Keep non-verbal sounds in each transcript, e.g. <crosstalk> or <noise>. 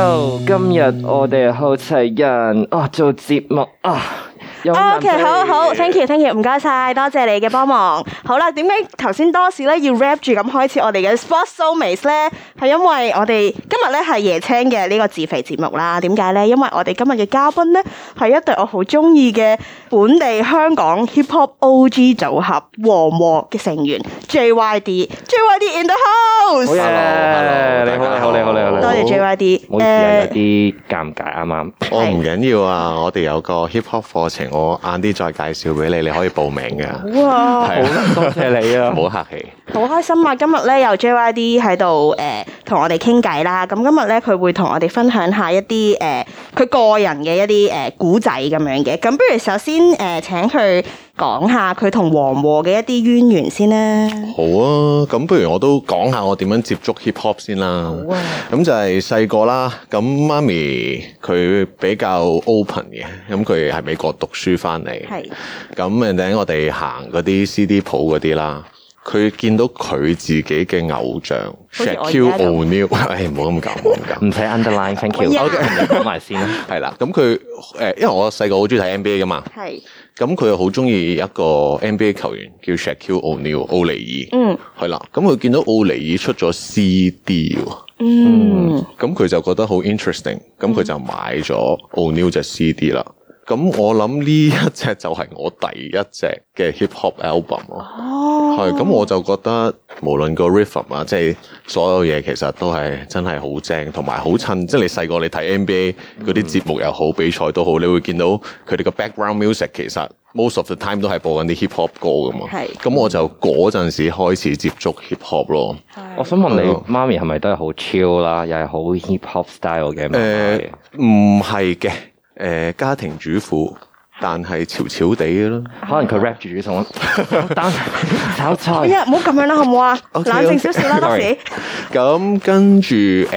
Hello, 今日我哋好齊人、哦、啊，做節目啊。O K，好好，thank you，thank you，唔該晒，多謝你嘅幫忙。好啦，點解頭先多士咧要 rap 住咁開始我哋嘅 Sportso-mate 咧？係因為我哋今日咧係椰青嘅呢個自肥節目啦。點解咧？因為我哋今日嘅嘉賓咧係一對我好中意嘅本地香港 Hip Hop O G 組合黃禍嘅成員 J Y D，J Y D in the house。好你好你好你好你好，多謝 J Y D。誒有啲尷尬啱啱，我唔緊要啊，我哋有個 Hip Hop 課程。我晏啲再介紹俾你。你可以報名㗎，啊。好啦、啊，多謝你啊，唔好 <laughs> 客氣。好開心啊！今日咧有 J Y D 喺度，誒、呃、同我哋傾偈啦。咁今日咧，佢會同我哋分享下一啲誒佢個人嘅一啲誒古仔咁樣嘅。咁不如首先誒、呃、請佢講下佢同黃禍嘅一啲淵源先啦。好啊，咁不如我都講下我點樣接觸 hip hop 先啦。好啊，咁就係細個啦。咁媽咪佢比較 open 嘅，咁佢喺美國讀書返嚟，係咁誒。等我哋行嗰啲 CD 鋪嗰啲啦。佢見到佢自己嘅偶像 Shaq O’Neal 唉，唔好咁講，唔睇 <laughs> underline，thank you，我哋同你講埋先啦，係啦，咁佢誒，因為我細個好中意睇 NBA 㗎嘛，係的，咁佢又好中意一個 NBA 球員叫 Shaq O’Neal 奧尼爾，嗯，係啦，咁佢見到奧尼爾出咗 CD，嗯，咁佢、嗯、就覺得好 interesting，咁佢就買咗 O’Neal 隻 CD 啦。咁我諗呢一隻就係我第一隻嘅 hip hop album 咯，係咁、啊、我就覺得無論個 rhythm 啊，即係所有嘢其實都係真係好正，同埋好襯。即、就、係、是、你細個你睇 NBA 嗰啲節目又好，嗯、比賽都好，你會見到佢哋個 background music 其實 most of the time 都係播緊啲 hip hop 歌㗎嘛。咁是我就嗰陣時開始接觸 hip hop 咯。是我想問你、嗯、媽咪係咪都係好 chill 啦、啊，又係好 hip hop style 嘅？誒、呃，唔係嘅。誒、呃，家庭主婦，但係潮潮地嘅咯，可能佢 rap 住嘅，同我炒菜。哎呀，唔好咁樣啦，好唔好啊？冷靜少少啦，當、嗯、時。咁跟住誒，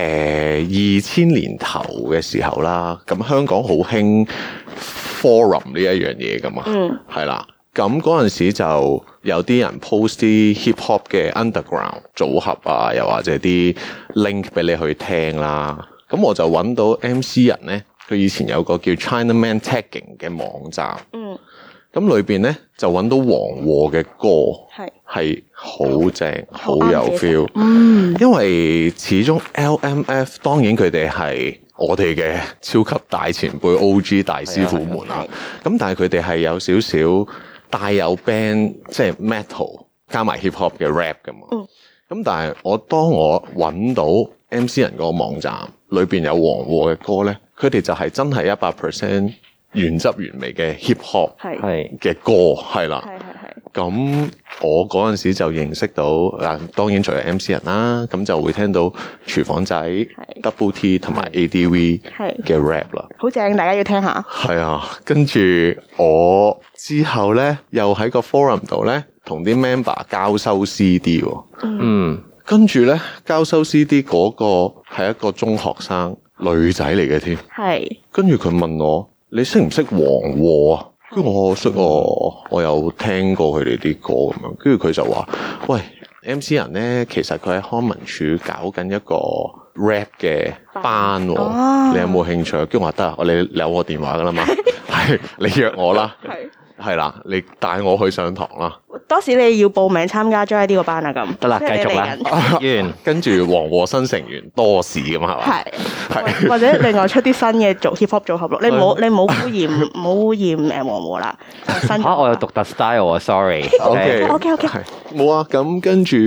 二千年頭嘅時候啦，咁香港好興 forum 呢一樣嘢噶嘛，係啦。咁嗰陣時就有啲人 post 啲 hip hop 嘅 underground 組合啊，又或者啲 link 俾你去聽啦。咁我就揾到 MC 人咧。佢以前有個叫 China Man Tagging 嘅網站，嗯，咁裏邊咧就揾到黃禍嘅歌，係係好正，好有 feel，嗯，因為始終 L M F 當然佢哋係我哋嘅超級大前輩 O G 大師傅們啦，咁、嗯嗯、但係佢哋係有少少帶有 band 即係 metal 加埋 hip hop 嘅 rap 噶嘛，咁、嗯、但係我當我揾到 M C 人個網站裏邊有黃禍嘅歌咧。佢哋就係真係一百 percent 原汁原味嘅 hip hop 嘅係歌，係啦。咁我嗰陣時就認識到，啊當然仲有 MC 人啦。咁就會聽到廚房仔、Double 係 T 同埋 ADV 嘅 rap 啦。好正，大家要聽下。係啊，跟住我之後咧，又喺個 forum 度咧，同啲 member 交收 CD 喎。嗯，嗯，跟住咧交收 CD 嗰個係一個中學生。女仔嚟嘅添，是跟住佢問我：你識唔識黃禍啊？跟住我識，我有聽過佢哋啲歌。跟住佢就話：喂，M C 人呢，其實佢喺康文署搞緊一個 rap 嘅班，哦、你有冇興趣？跟住我話得啊，我你攞我電話㗎啦嘛，係 <laughs> <laughs> 你約我啦。係啦，你帶我去上堂啦。多士，你要報名參加 JYD 呢個班啊？咁得啦，繼續啦。跟住黃禍新成員多士咁啊嘛。係，或者另外出啲新嘅做 hip hop 組合咯。你唔好你唔好污染唔好污染誒黃禍啦。吓，我有獨特 style，sorry 啊。。O K，O K，O K，冇啊，咁跟住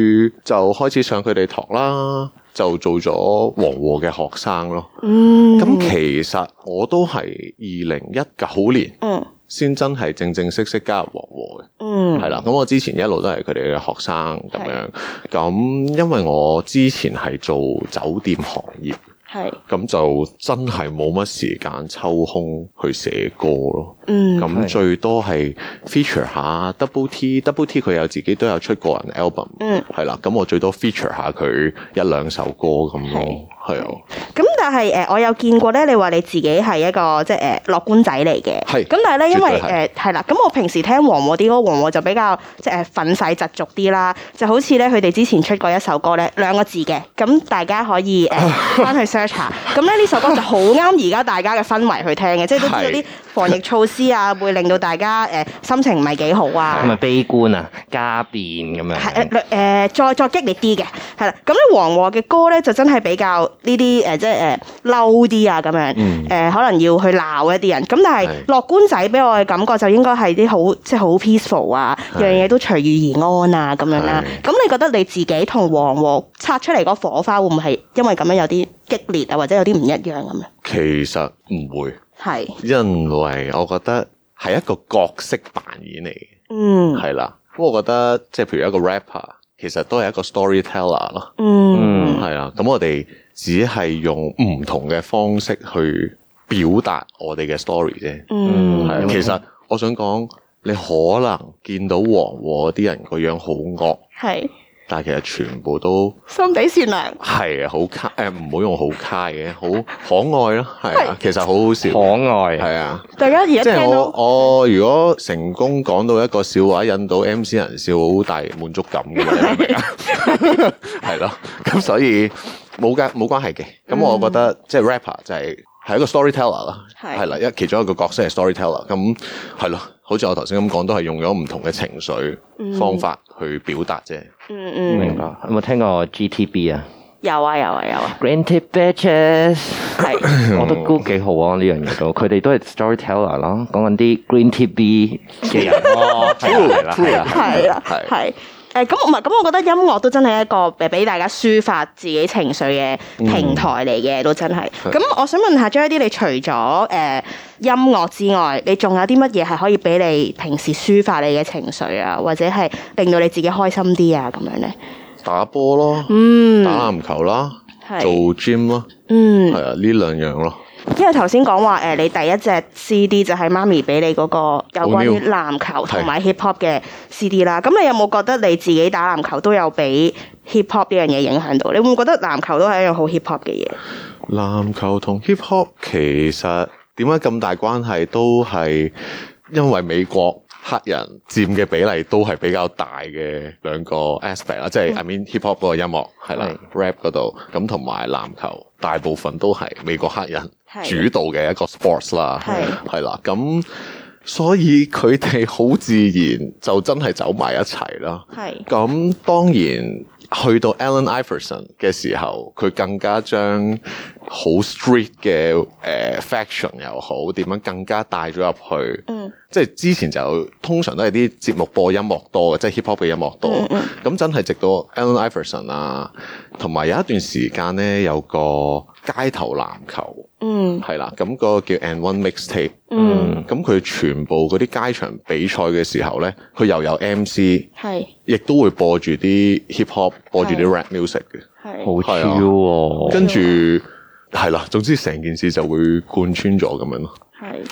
就開始上佢哋堂啦，就做咗黃禍嘅學生咯。嗯。咁其實我都係二零一九年。嗯。先真係正正式式加入黃禍嘅，嗯，係啦。咁我之前一路都係佢哋嘅學生咁的樣，咁因為我之前係做酒店行業，係咁的就真係冇乜時間抽空去寫歌咯，嗯，咁最多係 feature 下 Double T，Double T 佢的有自己都有出個人 album，嗯，係啦，咁我最多 feature 下佢一兩首歌咁咯。的係啊，咁但係誒，我有見過咧。你話你自己係一個即係誒樂觀仔嚟嘅，係咁，但係咧因為誒係啦，咁我平時聽黃禍啲歌，黃禍就比較即係憤世嫉俗啲啦，就好似咧佢哋之前出過一首歌咧，兩個字嘅，咁大家可以誒返、呃、去 search 下，咁咧呢首歌就好啱而家大家嘅氛圍去聽嘅， <laughs> 即係都知道啲防疫措施啊，會令到大家誒、呃、心情唔係幾好啊，咁咪悲觀啊，加變咁樣，係、呃、誒再作激烈啲嘅，係、嗯、啦，咁、嗯、咧、嗯、黃禍嘅歌咧就真係比較。呢啲誒即係誒嬲啲啊咁樣誒，可能要去鬧一啲人咁，但係樂觀仔俾我嘅感覺就應該係啲好即係好 peaceful 啊，是樣嘢都隨遇而安啊咁樣啦、啊。咁是你覺得你自己同黃禍擦出嚟個火花會唔會係因為咁樣有啲激烈啊，或者有啲唔一樣咁、啊、咧？其實唔會，係是因為我覺得係一個角色扮演嚟嘅，嗯，係啦。不過我覺得即係譬如一個 rapper。其實都係一個 storyteller 咯，嗯，係啊，咁我哋只係用唔同嘅方式去表達我哋嘅 story 啫，嗯，係。其實我想講，你可能見到黃禍啲人個樣好惡，係。但係其實全部都心地善良，係啊，好卡誒，呃、唔好用好卡嘅，好可愛咯，係啊，的其實好好笑，可愛係啊，的大家而家即係我我如果成功講到一個笑話引到 MC 人笑，好大滿足感嘅，係咯，咁所以冇嘅冇關係嘅，咁我覺得即係 rapper 就係 ra、就係。係一個 storyteller 啦，係啦，一其中一個角色係 storyteller 咁，係咯，好似我頭先咁講，都係用咗唔同嘅情緒方法去表達啫。嗯嗯，明白。有冇聽過 GTB 啊？有啊有啊有啊。Green Tea Bitches，係，我都估幾好啊呢樣嘢都。佢哋都係 storyteller 咯，講緊啲 Green Tea B 嘅人咯，係啦係啦係。誒咁唔係咁，我覺得音樂都真係一個誒俾大家抒發自己情緒嘅平台嚟嘅，都真係。咁我想問下將一啲，你除咗誒、呃、音樂之外，你仲有啲乜嘢係可以俾你平時抒發你嘅情緒啊，或者係令到你自己開心啲啊咁樣咧？打波咯，打籃球啦，做 gym 咯，係、嗯、啊，呢兩樣咯。因為頭先講話誒，你第一隻 CD 就係媽咪俾你嗰個有關於籃球同埋 hip hop 嘅 CD 啦。咁你有冇覺得你自己打籃球都有俾 hip hop 呢樣嘢影響到？你會唔會覺得籃球都係一樣好 hip hop 嘅嘢？籃球同 hip hop 其實點解咁大關係都係因為美國，黑人佔嘅比例都係比較大嘅兩個 aspect 啦，即係、mm. I mean Hip Hop 嗰個音樂係、mm. 啦是，rap 嗰度咁同埋籃球，大部分都係美國黑人主導嘅一個 sports 啦，係、mm. 啦，咁所以佢哋好自然就真係走埋一齊啦，係咁、mm. 當然。去到 Allen Iverson 嘅時候，佢更加將好 street 嘅誒、呃、fashion 又好，點樣更加帶咗入去。嗯，即係之前就通常都係啲節目播音樂多嘅，即係 hip hop 嘅音樂多。嗯嗯，咁真係直到 Allen Iverson 啊，同埋有，有一段時間咧，有個街頭籃球。嗯，係啦，咁個叫 And One Mixtape，嗯，咁佢全部嗰啲街場比賽嘅時候咧，佢又有 MC，係是，亦都會播住啲 hip hop，是播住啲 rap music 嘅，係是，的好超喎、哦，跟住係啦，總之成件事就會貫穿咗咁樣咯。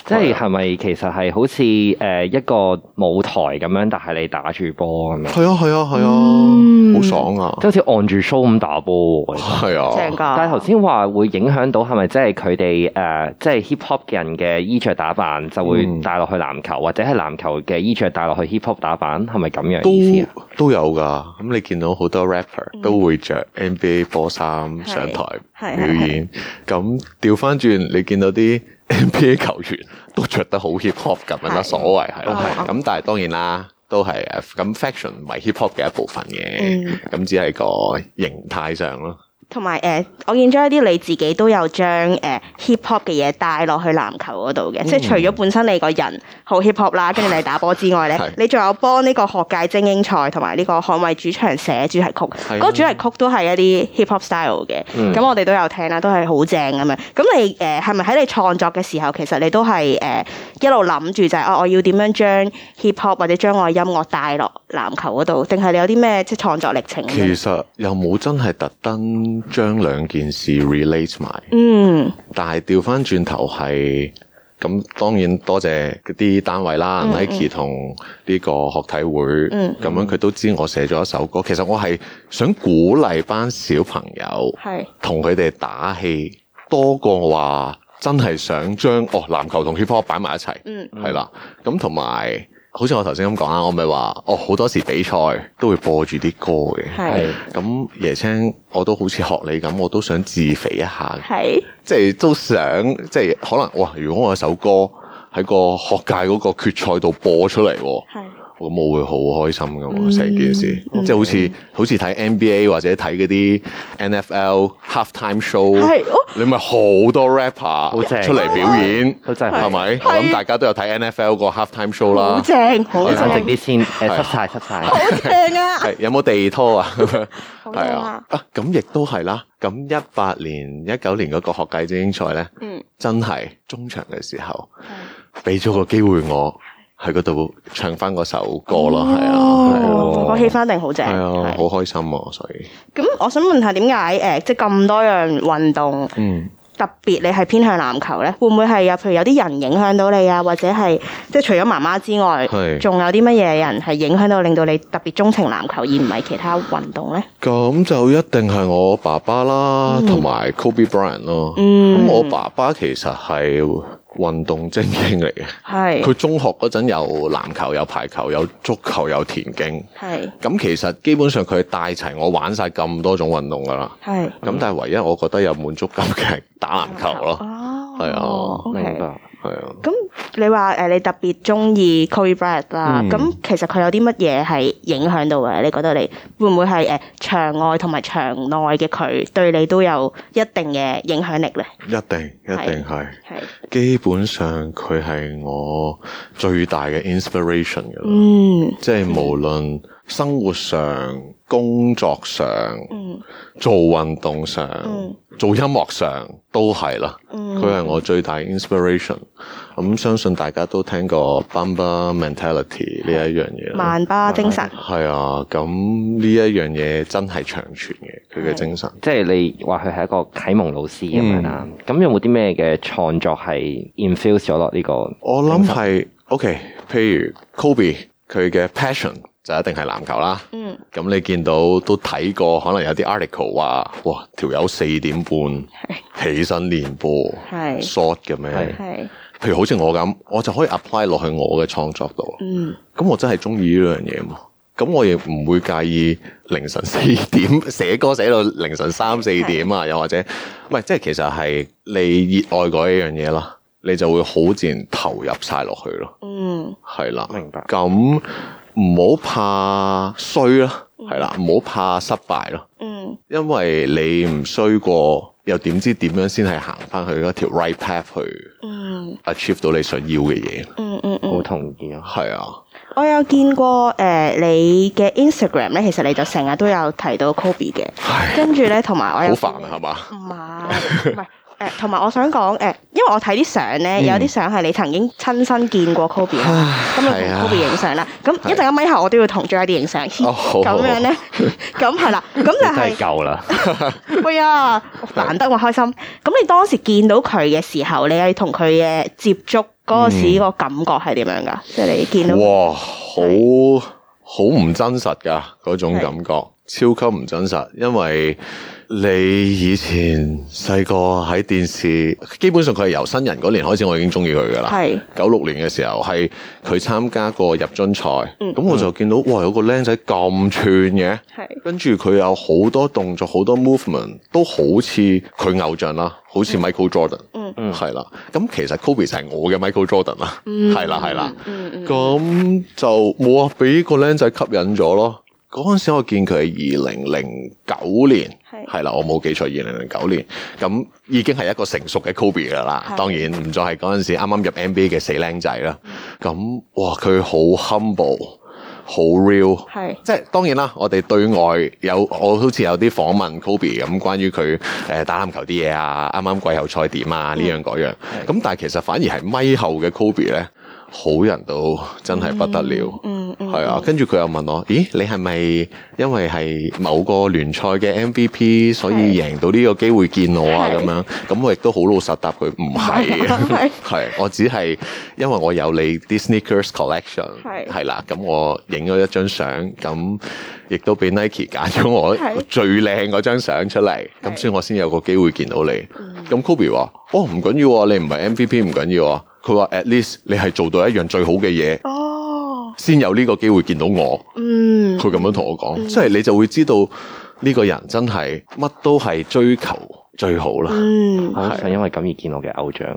即係係咪其實係好似誒一個舞台咁樣，但係你打住波咁樣？係啊係啊係啊，好爽啊！即好似按住 show 咁打波，係啊，正噶。但係頭先話會影響到係咪即係佢哋誒，即係 hip hop 嘅人嘅衣着打扮就會帶落去籃球，或者係籃球嘅衣着帶落去 hip hop 打扮，係咪咁樣意思啊？都有噶。咁你見到好多 rapper 都會着 NBA 波衫上台表演，咁調翻轉你見到啲。NBA 球員都著得好 hip hop 咁，有乜所謂？係咯，咁但係當然啦，都係咁 fashion 唔係 hip hop 嘅一部分嘅，咁、嗯、只係個形態上咯。同埋誒，uh, 我見到一啲你自己都有將誒、uh, hip hop 嘅嘢帶落去籃球嗰度嘅，即係、嗯、除咗本身你個人好 hip hop 啦，跟住你打波之外咧， <laughs> 是的 你仲有幫呢個學界精英賽同埋呢個捍衛主場寫主題曲，嗰的個主題曲都係一啲 hip hop style 嘅。咁是的 我哋都有聽啦，都係好正咁樣。咁你誒係咪喺你創作嘅時候，其實你都係誒、uh, 一路諗住就係、是、啊，uh, 我要點樣將 hip hop 或者將我嘅音樂帶落籃球嗰度？定係你有啲咩即係創作歷程？其實又冇真係特登。 <laughs> 將兩件事 relate 埋、嗯嗯，嗯，但係調翻轉頭係，咁當然多謝啲單位啦，Nike 同呢個學體會，咁、嗯、樣佢都知我寫咗一首歌。其實我係想鼓勵班小朋友是，係同佢哋打氣，多過話真係想將哦籃球同 hip hop 擺埋一齊，嗯，係啦，咁同埋。好似我頭先咁講啦，我咪話，哦，好多時比賽都會播住啲歌嘅，咁椰是、哎嗯、青我都好似學你咁，我都想自肥一下嘅是，即係都想即係可能哇，如果我有首歌喺個學界嗰個決賽度播出嚟。咁我會好開心噶嘛，成件事，即係好似好似睇 NBA 或者睇嗰啲 NFL halftime show，你咪好多 rapper 出嚟表演，係咪？咁大家都有睇 NFL 個 halftime show 啦，好正，好想食啲先，出晒出晒，好正啊！係有冇地拖啊？係啊，咁亦都係啦。咁一八年、一九年嗰個學界精英賽咧，嗯，真係中場嘅時候，俾咗個機會我。喺嗰度唱翻嗰首歌咯，係、哦、啊，我個氣、啊啊、氛一定好正，係啊，好、啊、開心啊，所以。咁我想問下，點解誒，即係咁多樣運動，嗯，特別你係偏向籃球咧，會唔會係有，譬如有啲人影響到你啊，或者係即係除咗媽媽之外，係仲是有啲乜嘢人係影響到，令到你特別鍾情籃球，而唔係其他運動咧？咁就一定係我爸爸啦，同埋 Kobe Bryant 咯。咁、嗯、我爸爸其實係。運動精英嚟嘅，佢是中學嗰陣有籃球、有排球、有足球、有田徑，咁是其實基本上佢帶齊我玩晒咁多種運動噶啦，咁是但係唯一我覺得有滿足感嘅係打籃球咯。嗯係啊，哦、明白，係啊的。咁、嗯、你話誒，你特別中意 Kobe Bryant 啦，咁其實佢有啲乜嘢係影響到嘅？你覺得你會唔會係誒，場外同埋場內嘅佢對你都有一定嘅影響力咧？一定，一定係。係。基本上佢係我最大嘅 inspiration 嘅。嗯。即係無論。生活上、工作上、嗯、做運動上、嗯、做音樂上都係啦。佢係、嗯、我最大 inspiration、嗯。咁相信大家都聽過 Mamba Mentality 呢一、嗯、樣嘢，曼巴精神係啊。咁呢一樣嘢真係長存嘅佢嘅精神。嗯、即係你話佢係一個啟蒙老師咁樣啦。咁、嗯、有冇啲咩嘅創作係 infuse 咗落呢個？我諗係 OK，譬如 Kobe 佢嘅 passion，就一定係籃球啦。嗯，咁你見到都睇過，可能有啲 article 話，哇，條友四點半起身練波，short 嘅咩？譬是如好似我咁，我就可以 apply 落去我嘅創作度。嗯，咁我真係中意呢樣嘢嘛，咁我亦唔會介意凌晨四點寫歌，寫到凌晨三四點啊，又 <laughs> 是 或者唔係，即係其實係你熱愛嗰一樣嘢啦，你就會好自然投入晒落去咯、嗯白嗯。嗯，係、嗯、啦，明白咁。唔好怕衰啦，係啦、嗯，唔好怕失敗咯。嗯，因為你唔衰過，又點知點樣先係行翻去一條 right path 去，嗯，achieve 到你想要嘅嘢、嗯。嗯嗯嗯，好同意啊，係啊。我有見過誒、呃，你嘅 Instagram 咧，其實你就成日都有提到 Kobe 嘅，唉跟住咧同埋我好煩啊，係嘛，唔係。誒，同埋我想講誒，因為我睇啲相咧，有啲相係你曾經親身見過 Kobe 咁你同 Kobe 影相啦，咁一陣間咪後我都要同 JYD 影相，咁樣咧，咁係啦，咁就係，真係夠啦，喂啊，難得我開心。咁你當時見到佢嘅時候，你係同佢嘅接觸嗰時個感覺係點樣噶？即係你見到，哇，好好唔真實噶嗰種感覺，超級唔真實，因為。你以前細個喺電視，基本上佢係由新人嗰年開始，我已經中意佢噶啦。係九六年嘅時候參，係佢參加過入樽賽，咁、嗯、我就見到，哇，有個僆仔咁串嘅，是跟住佢有好多動作，好多 movement 都好似佢偶像啦，好似 Michael Jordan。嗯嗯，係啦， <laughs> 咁其實 Kobe 就係我嘅 Michael Jordan 啦，係啦係啦，咁就冇啊，俾個僆仔吸引咗咯。嗰陣時我見佢係二零零九年係啦的，我冇記錯，二零零九年咁已經係一個成熟嘅 Kobe 噶啦。當然唔再係嗰陣時啱啱入 NBA 嘅死僆仔啦。咁哇，佢好 humble，好 real，即係當然啦。我哋對外有我好似有啲訪問 Kobe 咁、嗯，關於佢誒、呃、打籃球啲嘢啊，啱啱季後賽點啊呢的樣嗰樣。咁的但係其實反而係咪後嘅 Kobe 咧？好人都真係不得了，係、嗯嗯嗯、啊！跟住佢又問我：咦，你係咪因為係某個聯賽嘅 MVP，所以贏到呢個機會見我啊？咁樣，咁那 well, <laughs> 我亦都好老實答佢唔係，係我只係因為我有你啲 sneakers collection，係啦，咁我影咗一張相，咁亦都俾 Nike 揀咗我最靚嗰張相出嚟，咁所以我先有個機會見到你。咁 Kobe 話：哦，唔緊要啊，你唔係 MVP 唔緊要啊。佢話 at least 你係做到一樣最好嘅嘢，先、哦、有呢個機會見到我。佢咁、嗯、樣同我講，嗯、即係你就會知道呢個人真係乜都係追求最好啦。好、嗯、是想因為咁而見我嘅偶像。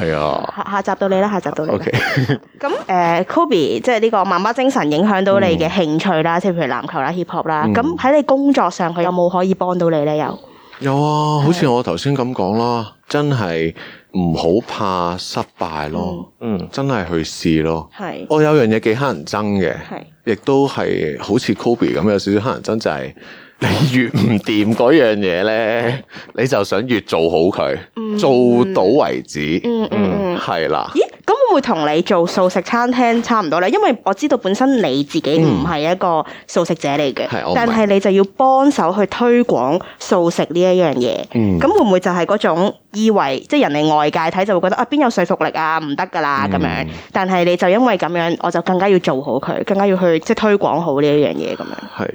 係啊下，下集到你啦，下集到你啦。咁、okay、誒、 <laughs> uh,，Kobe 即係呢個曼巴精神影響到你嘅興趣啦，即係、嗯、譬如籃球啦、hip hop 啦、嗯。咁喺你工作上，佢有冇可以幫到你咧？有。有啊，好似我頭先咁講啦，真係唔好怕失敗咯，嗯，嗯真係去試咯，係是。我有樣嘢幾黑人憎嘅，係是，亦都係好似 Kobe 咁，有少少乞人憎就係、是，你越唔掂嗰樣嘢咧，你就想越做好佢，嗯、做到為止，嗯嗯，係、嗯嗯、啦。會同你做素食餐廳差唔多咧，因為我知道本身你自己唔係一個素食者嚟嘅。嗯、但係你就要幫手去推廣素食呢一樣嘢。咁、嗯、會唔會就係嗰種以為即係人哋外界睇就會覺得啊，邊有說服力啊唔得噶啦咁樣？嗯、但係你就因為咁樣，我就更加要做好佢，更加要去即係、就是、推廣好呢一樣嘢咁樣。係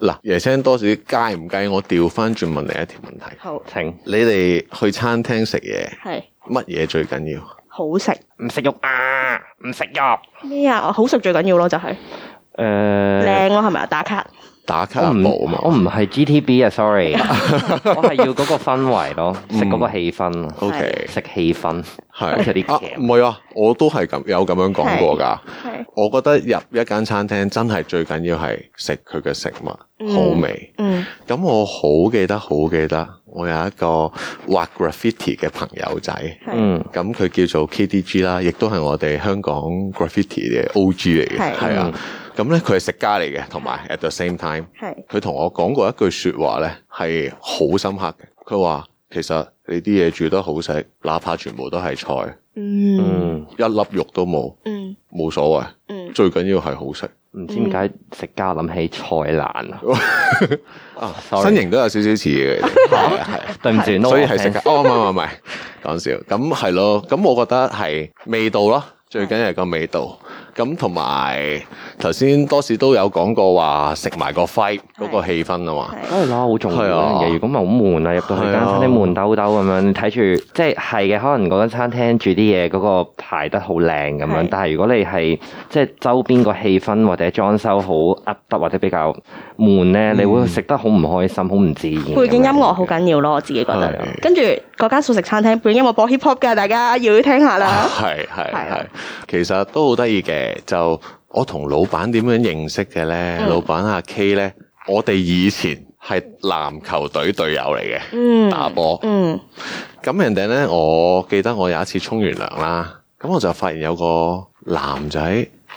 嗱，椰青、多士介唔介意我？我調翻轉問你一條問題。好，請你哋去餐廳食嘢，係乜嘢最緊要？好食，唔食肉啊！唔食肉咩、就是呃、啊？好食最緊要咯，就係誒靚咯，係咪啊？打卡。打卡簿啊嘛，我唔係 GTB 啊，sorry，我係要嗰個氛圍咯，食嗰個氣氛，OK，食氣氛，係其實唔係啊，我都係咁有咁樣講過噶，我覺得入一間餐廳真係最緊要係食佢嘅食物好味，嗯，咁我好記得好記得，我有一個畫 graffiti 嘅朋友仔，嗯，咁佢叫做 KDG 啦，亦都係我哋香港 graffiti 嘅 OG 嚟嘅，係啊。咁咧，佢係食家嚟嘅，同埋 at the same time，佢同我講過一句說話咧，係好深刻嘅。佢話其實你啲嘢煮得好食，哪怕全部都係菜，嗯，一粒肉都冇，嗯，冇所謂，嗯，最緊要係好食。唔知點解食家諗起菜難啊？身形都有少少似嘅，係對唔住，所以係食家。哦，唔係唔係唔係，講笑。咁係咯，咁我覺得係味道咯，最緊要係個味道。咁同埋頭先多士都有講過話食埋個氛嗰個氣氛啊嘛，梗係啦，好以重要一樣嘢。是的 如果咪好悶啊，入到去間餐廳悶兜兜咁樣，睇住即係嘅，可能嗰間餐廳煮啲嘢嗰個排得好靚咁樣。是的 但係如果你係即係周邊個氣氛或者裝修好 up 得或者比較悶咧，你會食得好唔開心，好唔自然。背景音樂好緊要咯，我自己覺得。跟住嗰間素食餐廳背景音樂播 hip hop 嘅，大家要，要，要聽下啦。係係係，的其實都好得意嘅。就我同老闆點樣認識嘅咧？嗯、老闆阿 K 咧，我哋以前係籃球隊隊友嚟嘅，嗯，打波球。嗯，咁人哋咧，我記得我有一次沖完涼啦，咁我就發現有個男仔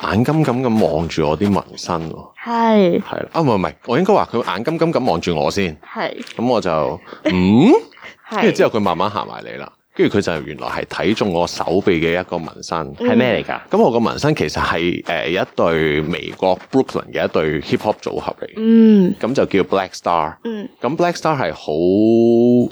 眼金金咁望住我啲紋身。係係是啊唔係唔係，我應該話佢眼金金咁望住我先。係是，咁我就嗯，跟住 <laughs> 是之後佢慢慢行埋嚟啦。跟住佢就原來係睇中我手臂嘅一個紋身，係咩嚟㗎？咁、嗯、我個紋身其實係誒、呃、一對美國 Brooklyn 嘅一對 hip hop 組合嚟、嗯嗯，嗯，咁就叫 Black Star，嗯，咁 Black Star 係好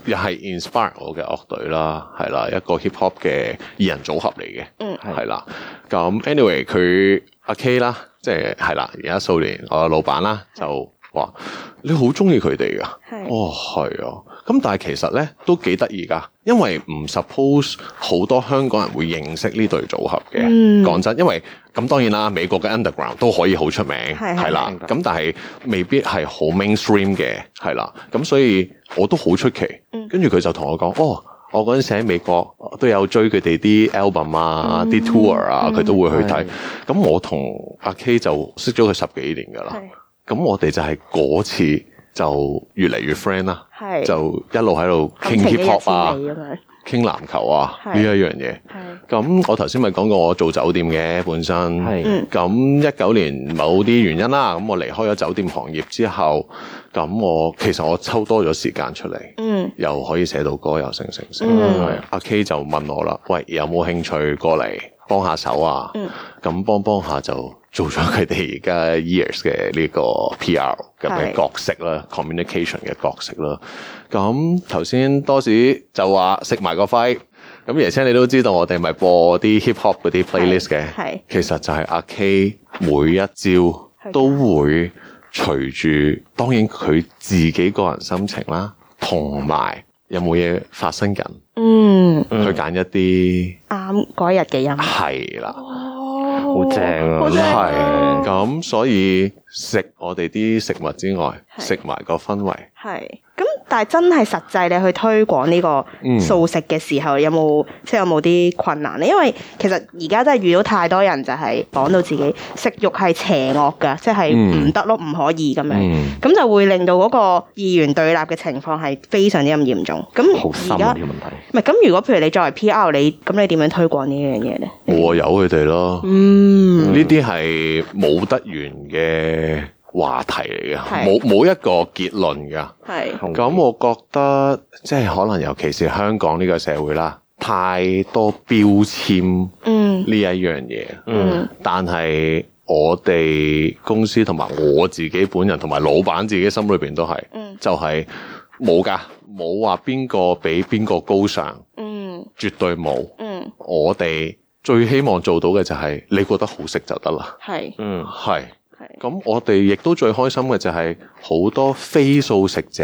又係 inspire 我嘅樂隊啦，係啦，一個 hip hop 嘅二人組合嚟嘅，嗯，係啦，咁的、嗯、anyway 佢阿 K 啦，即係係啦，而家數年我嘅老闆啦就。的的你好中意佢哋噶，哦係啊，咁但係其實呢都幾得意噶，因為唔 suppose 好多香港人會認識呢對組合嘅，講真，因為咁當然啦，美國嘅 Underground 都可以好出名，係啦，咁但係未必係好 mainstream 嘅，係啦，咁所以我都好出奇，跟住佢就同我講，哦，我嗰陣時喺美國都有追佢哋啲 album 啊，啲 tour 啊，佢都會去睇，咁我同阿 K 就識咗佢十幾年噶啦。咁我哋就係嗰次就越嚟越 friend 啦，就一路喺度傾 hip hop 啊，傾籃球啊，呢一樣嘢。咁我頭先咪講過我做酒店嘅本身，咁一九年某啲原因啦，咁我離開咗酒店行業之後，咁我其實我抽多咗時間出嚟，又可以寫到歌，又成成成。阿 K 就問我啦，喂，有冇興趣過嚟幫下手啊？咁幫幫下就。做咗佢哋而家 years 嘅呢個 PR 咁嘅角色啦，communication 嘅角色啦。咁頭先多士就話食埋個揮、嗯，咁椰青你都知道我，我哋咪播啲 hip hop 嗰啲 playlist 嘅。係，其實就係阿 K 每一朝都會隨住，當然佢自己個人心情啦，同埋有冇嘢發生緊，嗯，去揀一啲啱嗰日嘅音樂。係啦。好正，哦、啊，係咁，所以食我哋啲食物之外，食埋係個氛圍。係。但係真係實際你去推廣呢個素食嘅時候有冇，嗯、有冇即係有冇啲困難咧？因為其實而家真係遇到太多人，就係講到自己食肉係邪惡噶，即係唔得咯，唔、嗯、可以咁樣，咁、嗯、就會令到嗰個議員對立嘅情況係非常之咁嚴重。咁而家唔係咁。啊，呢個問題，如果譬如你作為 PR 你咁你點樣推廣呢樣嘢咧？我有佢哋咯，呢啲係冇得完嘅。話題嚟嘅，冇冇是一個結論噶。係咁是，我覺得即係可能，尤其是香港呢個社會啦，太多標籤。嗯，呢一樣嘢。嗯，但係我哋公司同埋我自己本人同埋老闆自己心裏邊都係，嗯、就係冇噶，冇話邊個比邊個高尚。嗯，絕對冇。嗯，我哋最希望做到嘅就係、是，你覺得好食就得啦。係是，嗯，係。咁我哋亦都最開心嘅就係好多非素食者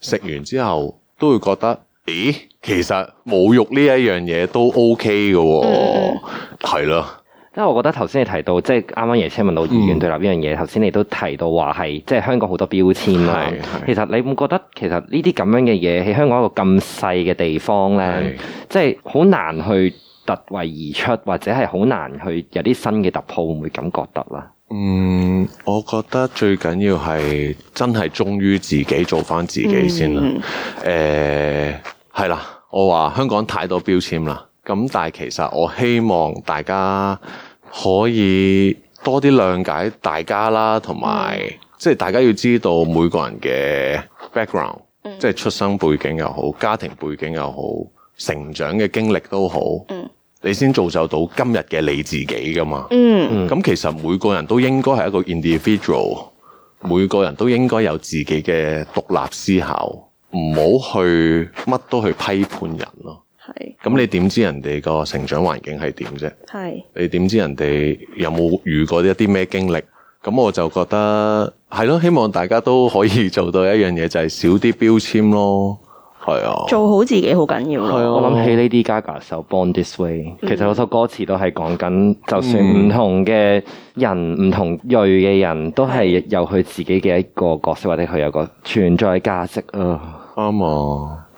食完之後都會覺得，咦，其實冇肉呢一樣嘢都 OK 嘅。哦，係咯、嗯。啦因為我覺得頭先你提到，即係啱啱椰青問到二元對立呢樣嘢，頭先、嗯、你都提到話係，即、就、係、是、香港好多標籤啦。其實你會覺得，其實呢啲咁樣嘅嘢喺香港一個咁細嘅地方咧，是即係好難去突圍而出，或者係好難去有啲新嘅突破，會唔會咁覺得啦？嗯，我覺得最緊要係真係忠於自己，做翻自己先啦。誒、嗯、係、欸、啦，我話香港太多標籤啦。咁但係其實我希望大家可以多啲諒解大家啦，同埋即係大家要知道每個人嘅 background，嗯，即係出生背景又好，家庭背景又好，成長嘅經歷都好。嗯你先造就到今日嘅你自己噶嘛、mm hmm. 嗯？嗯，咁其實每個人都應該係一個 individual，每個人都應該有自己嘅獨立思考，唔好去乜都去批判人咯。係、mm。咁、hmm. 你點知人哋個成長環境係點啫？係、mm。Hmm. 你點知人哋有冇遇過一啲咩經歷？咁我就覺得係咯，希望大家都可以做到一樣嘢，就係、是、少啲標籤咯。係啊，做好自己好緊要。我諗起 Lady Gaga 首《Born This Way》，嗯、其實嗰首歌詞都係講緊，就算唔同嘅人、唔、嗯、同類嘅人都係有佢自己嘅一個角色，或者佢有個存在價值啊。呃啱，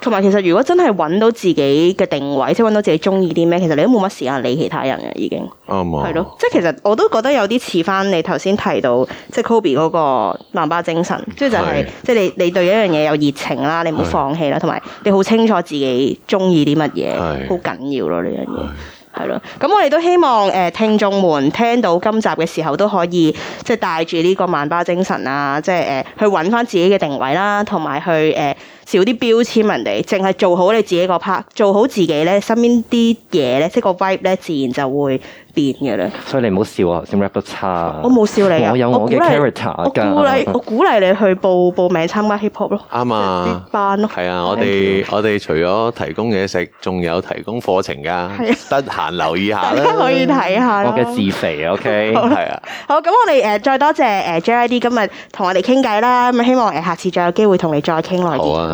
同埋嗯、其實如果真係揾到自己嘅定位，即係揾到自己中意啲咩，其實你都冇乜時間理其他人嘅已經。啱啊！係咯，即係其實我都覺得有啲似翻你頭先提到，即、就、係、是、Kobe 嗰個曼巴精神，即係就係即係你你對一樣嘢有熱情啦，你唔好放棄啦，同埋的你好清楚自己中意啲乜嘢，好緊的要咯呢樣嘢係咯。咁我哋都希望誒聽眾們聽到今集嘅時候都可以即係、就是、帶住呢個曼巴精神啊，即係誒去揾翻自己嘅定位啦，同埋去誒。呃少啲標籤人哋，淨係做好你自己個 part，做好自己咧，身邊啲嘢咧，即係個 vibe 咧，自然就會變嘅啦。所以你唔好笑啊，成 rap 都差。我冇笑你，我有我嘅 character 㗎。我鼓勵，我鼓勵你去報報名參加 hiphop 咯。啱啊。班咯。係啊，我哋我哋除咗提供嘢食，仲有提供課程㗎。得閒留意下啦。可以睇下。我嘅自肥，OK。係啊。好咁，我哋誒再多謝誒 JYD 今日同我哋傾偈啦。咁希望誒下次再有機會同你再傾落嚟。